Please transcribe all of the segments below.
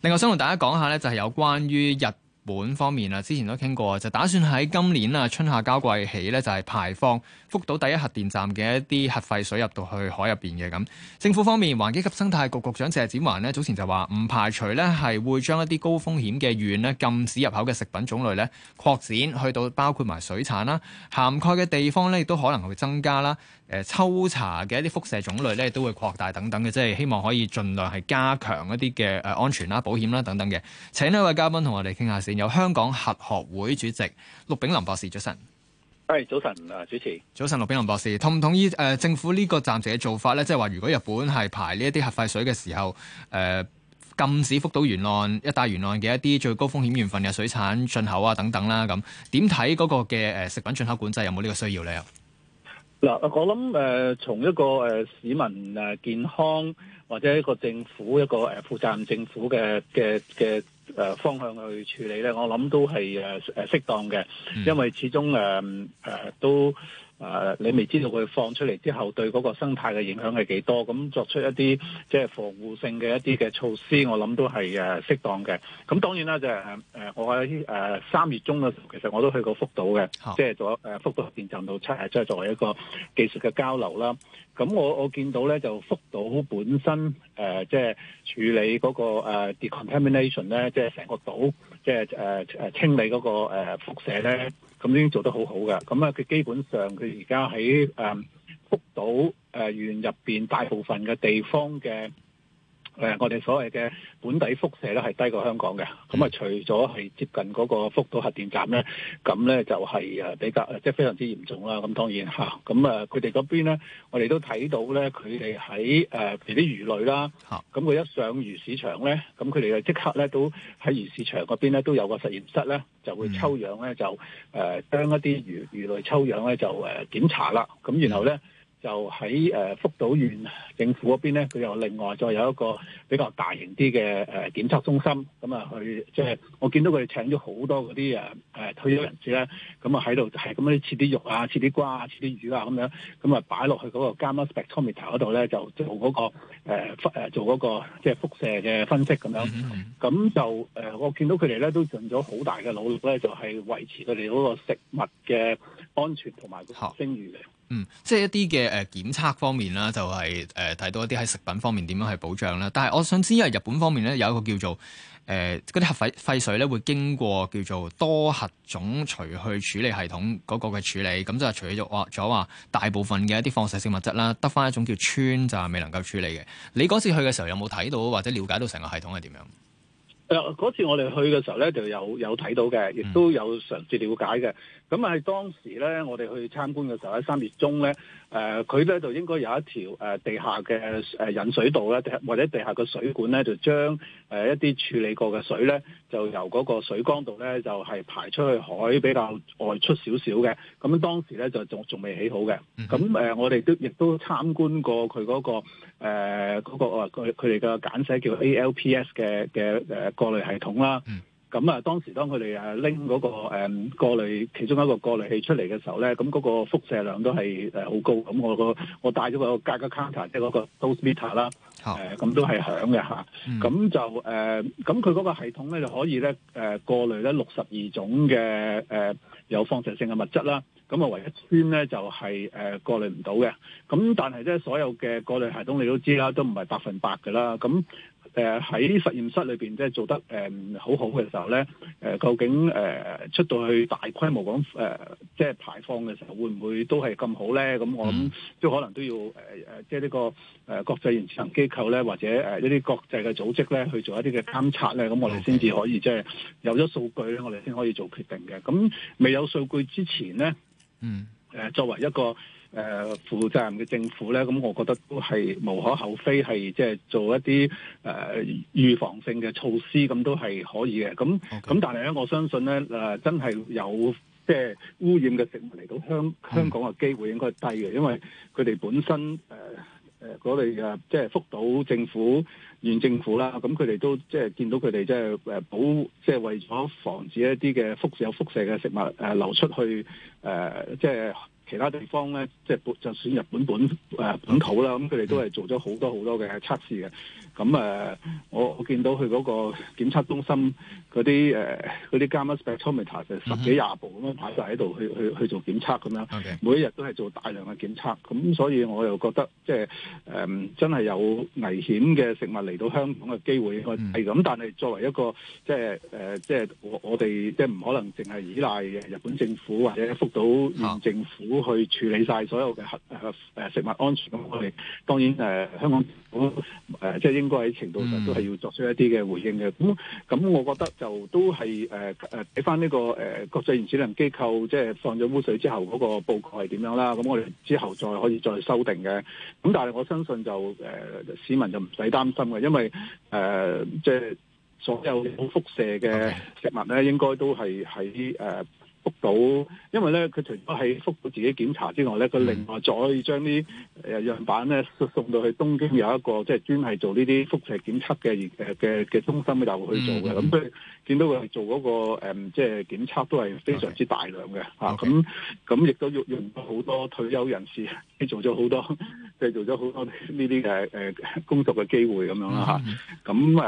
另外想同大家講下咧，就係有關於日本方面啊，之前都傾過就打算喺今年啊，春夏交季起呢就係排放福島第一核電站嘅一啲核廢水入到去海入邊嘅咁。政府方面，環境及生態局局長謝展寰呢，早前就話唔排除呢係會將一啲高風險嘅縣咧禁止入口嘅食品種類呢擴展去到包括埋水產啦，涵蓋嘅地方呢，亦都可能會增加啦。誒抽查嘅一啲輻射種類呢都會擴大等等嘅，即係希望可以儘量係加強一啲嘅誒安全啦、保險啦等等嘅。請呢位嘉賓同我哋傾下由香港核學會主席陸炳林博士，早晨。係早晨，啊，主持。早晨，陸炳林博士，同唔同意誒、呃、政府呢個暫時嘅做法咧？即係話，如果日本係排呢一啲核廢水嘅時候，誒、呃、禁止福島沿岸一帶沿岸嘅一啲最高風險源份嘅水產進口啊，等等啦，咁點睇嗰個嘅誒食品進口管制有冇呢個需要咧？嗱，我諗誒、呃，從一個誒、呃、市民誒健康或者一個政府一個誒、呃、負責任政府嘅嘅嘅。誒方向去處理咧，我諗都係誒誒適當嘅，因為始終誒誒、呃、都誒、呃、你未知道佢放出嚟之後對嗰個生態嘅影響係幾多，咁作出一啲即係防護性嘅一啲嘅措施，我諗都係誒適當嘅。咁當然啦，就係誒我喺誒三月中嘅時候，其實我都去過福島嘅，即係、就是、做誒福島核電站度即係作為一個技術嘅交流啦。咁我我見到咧就福島本身誒即係處理嗰個 decontamination 咧，即係成個島即係誒清理嗰個誒、呃、輻射咧，咁已經做得好好嘅。咁啊，佢基本上佢而家喺誒福島誒縣入邊大部分嘅地方嘅。誒，我哋所謂嘅本底輻射咧，係低過香港嘅。咁、嗯、啊，除咗係接近嗰個福島核電站咧，咁咧就係誒比較即係、就是、非常之嚴重啦。咁當然嚇，咁啊，佢哋嗰邊咧，我哋都睇到咧，佢哋喺誒，譬如啲魚類啦，咁佢一上魚市場咧，咁佢哋就即刻咧都喺魚市場嗰邊咧都有個實驗室咧，就會抽樣咧就誒將、啊、一啲魚魚類抽樣咧就誒、啊、檢查啦。咁然後咧。嗯就喺誒福島縣政府嗰邊咧，佢又另外再有一個比較大型啲嘅誒檢測中心，咁啊去即係我見到佢哋請咗好多嗰啲誒誒退休人士咧，咁啊喺度係咁樣切啲肉啊、切啲瓜啊、切啲魚啊咁樣，咁啊擺落去嗰個 Gamma Spectrometer 嗰度咧，就做嗰、嗰個誒、呃、做嗰個即係輻射嘅分析咁樣。咁就誒、呃、我見到佢哋咧都盡咗好大嘅努力咧，就係、係、維持佢哋嗰個食物嘅安全同埋嘅聲譽嘅。嗯，即係一啲嘅誒檢測方面啦，就係誒睇到一啲喺食品方面點樣去保障啦。但係我想知，因為日本方面咧有一個叫做誒嗰啲核廢廢水咧會經過叫做多核種除去處理系統嗰個嘅處理，咁就係除咗話、呃、大部分嘅一啲放射性物質啦，得翻一種叫「氚」，就係未能夠處理嘅。你嗰次去嘅時候有冇睇到或者了解到成個系統係點樣？嗰次我哋去嘅時候咧，就有有睇到嘅，亦都有嘗試了解嘅。咁係當時咧，我哋去參觀嘅時候，喺三月中咧，誒佢咧就應該有一條誒、呃、地下嘅誒引水道咧，或者地下嘅水管咧，就將誒、呃、一啲處理過嘅水咧，就由嗰個水缸度咧，就係、是、排出去海比較外出少少嘅。咁當時咧就仲仲未起好嘅。咁、呃、我哋都亦都參觀過佢嗰、那個誒嗰佢佢哋嘅簡寫叫 A L P S 嘅嘅誒過濾系統啦，咁啊當時當佢哋誒拎嗰個誒過濾其中一個過濾器出嚟嘅時候咧，咁、那、嗰個輻射量都係好高，咁我我帶咗個 Geiger counter，即係嗰個 dosimeter 啦、oh.，咁都係響嘅，咁就誒咁佢嗰個系統咧就可以咧誒過濾咧六十二種嘅誒有放射性嘅物質啦，咁啊唯一氚咧就係誒過濾唔到嘅，咁但係咧所有嘅過濾系統你都知啦，都唔係百分百嘅啦，咁。誒、呃、喺實驗室裏邊即係做得誒、呃、好好嘅時候咧，誒、呃、究竟誒、呃、出到去大規模咁誒、呃、即係排放嘅時候，會唔會都係咁好咧？咁、嗯、我諗都可能都要誒誒，即、呃、係、呃這個呃、呢個誒國際原子能機構咧，或者誒、呃、一啲國際嘅組織咧，去做一啲嘅監測咧，咁我哋先至可以、okay. 即係有咗數據咧，我哋先可以做決定嘅。咁未有數據之前咧，嗯，誒、呃、作為一個。誒、呃、負責任嘅政府咧，咁我覺得都係無可厚非，係即係做一啲誒、呃、預防性嘅措施，咁都係可以嘅。咁咁、okay. 但係咧，我相信咧、呃、真係有即係、呃呃、污染嘅食物嚟到香香港嘅機會應該係低嘅，因為佢哋本身誒誒嗰啲即係福島政府、縣政府啦，咁佢哋都即係見到佢哋即係保，即係為咗防止一啲嘅輻射有輻射嘅食物誒、呃、流出去誒、呃，即係。其他地方咧，即係就算日本本誒本，本土啦，咁佢哋都係做咗好多好多嘅測試嘅。咁誒，我我見到佢嗰個檢測中心嗰啲誒嗰啲 gamma spectrometer 就十幾廿部咁樣擺晒喺度去去去做檢測，咁、okay. 樣每一日都係做大量嘅檢測，咁所以我又覺得即係誒、嗯、真係有危險嘅食物嚟到香港嘅機會應該係咁、嗯，但係作為一個即係誒、呃、即係我我哋即係唔可能淨係依賴日本政府或者福島縣政府。啊去處理晒所有嘅核誒食物安全，咁我哋當然誒、呃、香港誒即係應該喺程度上都係要作出一啲嘅回應嘅。咁咁，我覺得就都係誒誒畀返呢個誒、呃、國際原子能機構即係放咗污水之後嗰個報告係點樣啦。咁我哋之後再可以再修訂嘅。咁但係我相信就誒、呃、市民就唔使擔心嘅，因為誒即係所有，有輻射嘅食物咧，應該都係喺誒。呃福島，因為咧佢除咗係覆到自己檢查之外咧，佢另外再將啲誒樣板咧送到去東京有一個即係專係做呢啲輻射檢測嘅嘅嘅中心又去做嘅，咁、嗯、佢、嗯、以、嗯、見到佢做嗰、那個即係、嗯就是、檢測都係非常之大量嘅嚇，咁咁亦都用用到好多退休人士，做咗好多即係做咗好多呢啲誒誒工作嘅機會咁樣啦嚇。咁誒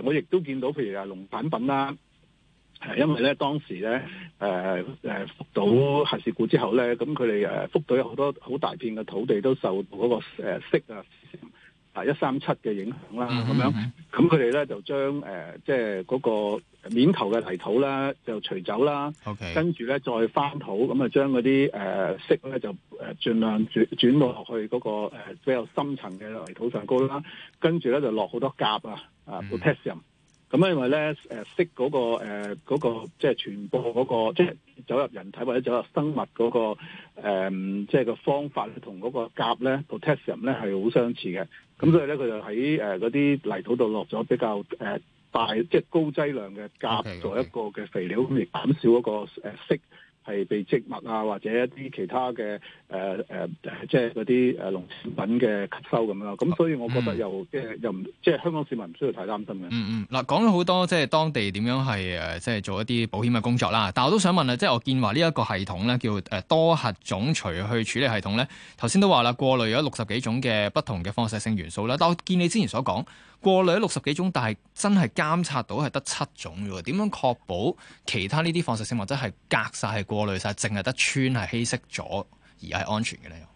誒我亦都見到譬如啊農產品啦。係因為咧當時咧誒誒福島核事故之後咧，咁佢哋誒福島有好多好大片嘅土地都受嗰個誒銫啊、啊一三七嘅影響啦，咁、mm -hmm. 樣咁佢哋咧就將誒、呃、即係嗰、那個面頭嘅泥土啦，就除走啦，okay. 跟住咧再翻土，咁啊將嗰啲誒銫咧就誒儘量轉到落去嗰個比較深層嘅泥土上高啦，跟住咧就落好多甲啊啊鉛。Mm -hmm. 咁因為咧，誒銫嗰個誒嗰個即係傳播嗰個，即、呃、係、那個那個就是、走入人體或者走入生物嗰、那個即係、呃就是、個方法咧，同嗰個鉀咧，Potassium 咧係好相似嘅。咁所以咧，佢就喺誒嗰啲泥土度落咗比較誒、呃、大，即、就、係、是、高劑量嘅鉀做一個嘅肥料，咁亦減少嗰個誒銫係被植物啊，或者一啲其他嘅誒誒，即係嗰啲誒農產品嘅吸收咁咯。咁所以我覺得又、嗯、又即係又唔即係香港市民唔需要太擔心嘅。嗯嗯，嗱，講咗好多即係當地點樣係誒，即係做一啲保險嘅工作啦。但係我都想問啊，即係我見話呢一個系統咧，叫誒多核種除去處理系統咧。頭先都話啦，過濾咗六十幾種嘅不同嘅放射性元素啦。但我見你之前所講。過濾咗六十幾種，但係真係監察到係得七種嘅，點樣確保其他呢啲放射性物質係隔晒過濾晒，淨係得穿係稀釋咗，而係安全嘅咧？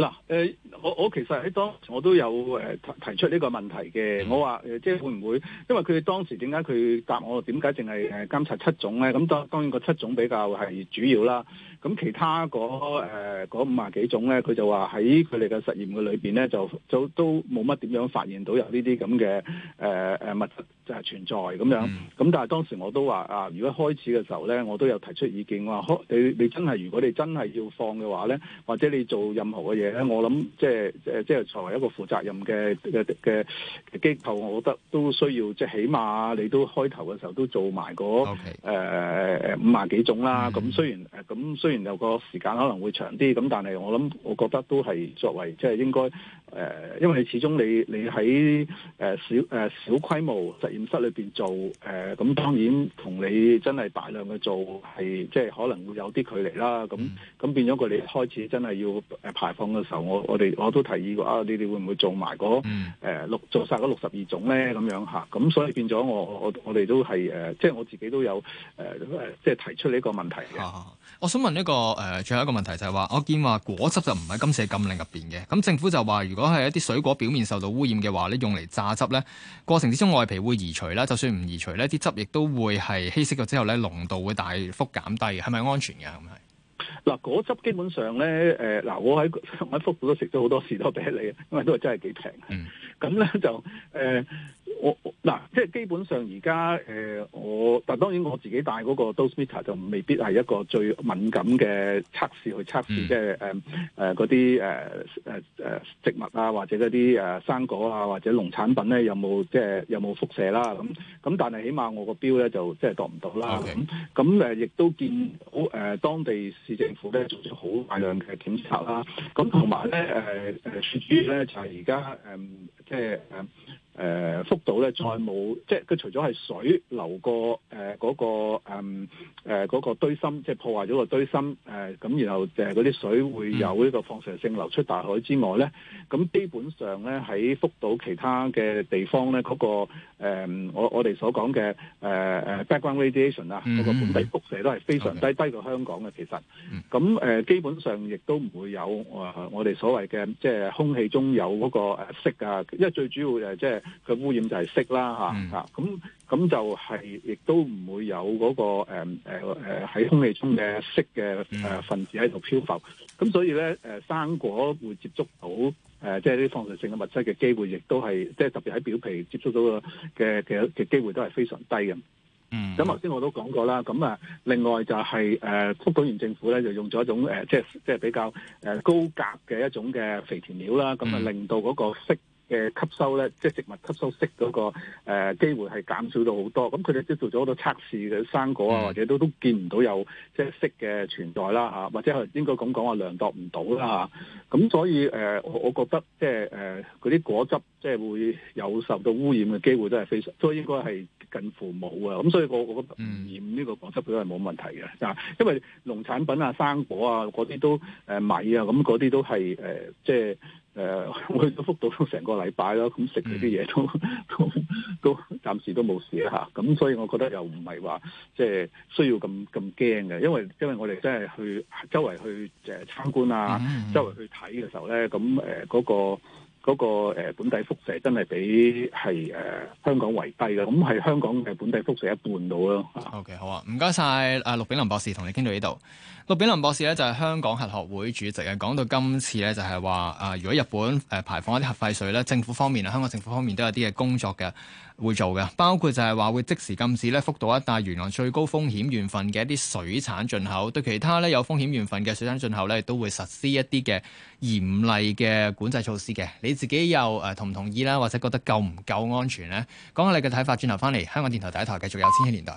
嗱、嗯，誒，我我其實喺當時我都有誒提出呢個問題嘅，我話誒，即係會唔會？因為佢當時點解佢答我點解淨係誒監察七種咧？咁當當然個七種比較係主要啦，咁其他嗰五廿幾種咧，佢就話喺佢哋嘅實驗嘅裏邊咧，就就都冇乜點樣發現到有呢啲咁嘅誒誒物質就係存在咁樣。咁但係當時我都話啊，如果開始嘅時候咧，我都有提出意見，話你你真係如果你真係要放嘅話咧，或者你做任何嘅嘢。我諗即係即係即係作為一個負責任嘅嘅嘅機構，我覺得都需要即係起碼你都開頭嘅時候都做埋嗰誒五十幾種啦。咁、mm -hmm. 嗯、雖然誒咁、嗯、雖然有個時間可能會長啲，咁但係我諗我覺得都係作為即係應該誒、呃，因為始終你始終你你喺誒小誒、呃、小規模實驗室裏邊做誒，咁、呃、當然同你真係大量嘅做係即係可能會有啲距離啦。咁、mm、咁 -hmm. 變咗個你開始真係要誒排放。嘅時候，我我哋我都提議過、啊，你哋會唔會做埋嗰六做曬六十二種咧？咁樣吓，咁所以變咗我我哋都係誒、呃，即係我自己都有誒、呃、即係提出呢個問題，哈哈，我想問一個誒、呃，最後一個問題就係話，我見話果汁就唔係今次的禁令入邊嘅。咁政府就話，如果係一啲水果表面受到污染嘅話，咧用嚟榨汁咧，過程之中外皮會移除啦，就算唔移除呢，啲汁亦都會係稀釋咗之後咧，濃度會大幅減低，係咪安全嘅係？嗱，果汁基本上咧，誒，嗱，我喺上福島都食咗好多士多啤梨啊，因為都係真係幾平。咁、嗯、咧就誒、呃，我嗱、呃，即係基本上而家誒，我，但當當然我自己帶嗰個 dosimeter 就未必係一個最敏感嘅測試去測試、嗯，即係誒嗰啲誒植物啊，或者嗰啲誒生果啊，或者農產品咧、啊啊、有冇即係有冇輻射啦，咁咁但係起碼我個標咧就即係度唔到啦。咁、okay，咁亦都見好、呃、當地市集。政府咧做咗好大量嘅檢測啦，咁同埋咧誒誒，至、呃、 於咧就係而家誒，即係誒。就是呃誒、呃、福島咧再冇，即係佢除咗係水流過誒嗰、呃那個誒誒、嗯呃那個堆心，即係破壞咗個堆心誒，咁、呃、然後誒嗰啲水會有呢個放射性流出大海之外咧，咁、嗯、基本上咧喺福島其他嘅地方咧，嗰、那個、呃、我我哋所講嘅誒 background radiation 啊、嗯，嗰、那個本地輻射都係非常低、嗯、低過香港嘅其實，咁、嗯呃、基本上亦都唔會有誒我哋所謂嘅即係空氣中有嗰個色啊，因為最主要就即、是、係。嘅污染就係銫啦，嚇嚇，咁，咁就係亦都唔會有嗰、那個誒誒喺空氣中嘅銫嘅誒分子喺度漂浮，咁、嗯、所以咧誒生果會接觸到誒、呃、即係啲放射性嘅物質嘅機會也是，亦都係即係特別喺表皮接觸到嘅嘅嘅機會都係非常低嘅。嗯，咁頭先我都講過啦，咁啊另外就係誒福島縣政府咧就用咗一種誒、呃、即係即係比較誒、呃、高鉀嘅一種嘅肥田料啦，咁、嗯、啊令到嗰個銫。嘅吸收咧，即係植物吸收砷嗰、那個誒、呃、機會係減少咗好多。咁佢哋都做咗好多測試嘅生果啊、mm.，或者都都見唔到有即係砷嘅存在啦，或者係應該咁講，話量度唔到啦，咁所以誒、呃，我覺得即係誒嗰啲果汁即係會有受到污染嘅機會都係非常，都應該係近乎冇啊。咁所以我我覺得染呢個果汁都係冇問題嘅，mm. 因為農產品啊、生果啊嗰啲都、呃、米啊，咁嗰啲都係、呃、即係。誒、呃、去到福島都成個禮拜啦，咁食嗰啲嘢都、嗯、都都暫時都冇事啦嚇，咁所以我覺得又唔係話即係需要咁咁驚嘅，因為因為我哋真係去周圍去誒參觀啊，周圍去睇嘅、呃嗯嗯嗯、時候咧，咁誒嗰個。嗰、那個、呃、本地輻射真係比、呃、香港為低嘅，咁係香港嘅本地輻射一半到咯、啊。OK 好啊，唔該晒。誒陸炳林博士同你傾到呢度。陸炳林博士咧就係香港核學會主席。講到今次咧就係話啊，如果日本排放一啲核廢水咧，政府方面啊，香港政府方面都有啲嘅工作嘅會做嘅，包括就係話會即時禁止咧福島一帶沿岸最高風險緣份嘅一啲水產進口，對其他咧有風險緣份嘅水產進口咧都會實施一啲嘅嚴厲嘅管制措施嘅。你自己又誒同唔同意啦，或者覺得夠唔夠安全咧？講下你嘅睇法。轉頭翻嚟，香港電台第一台繼續有《千禧年代》。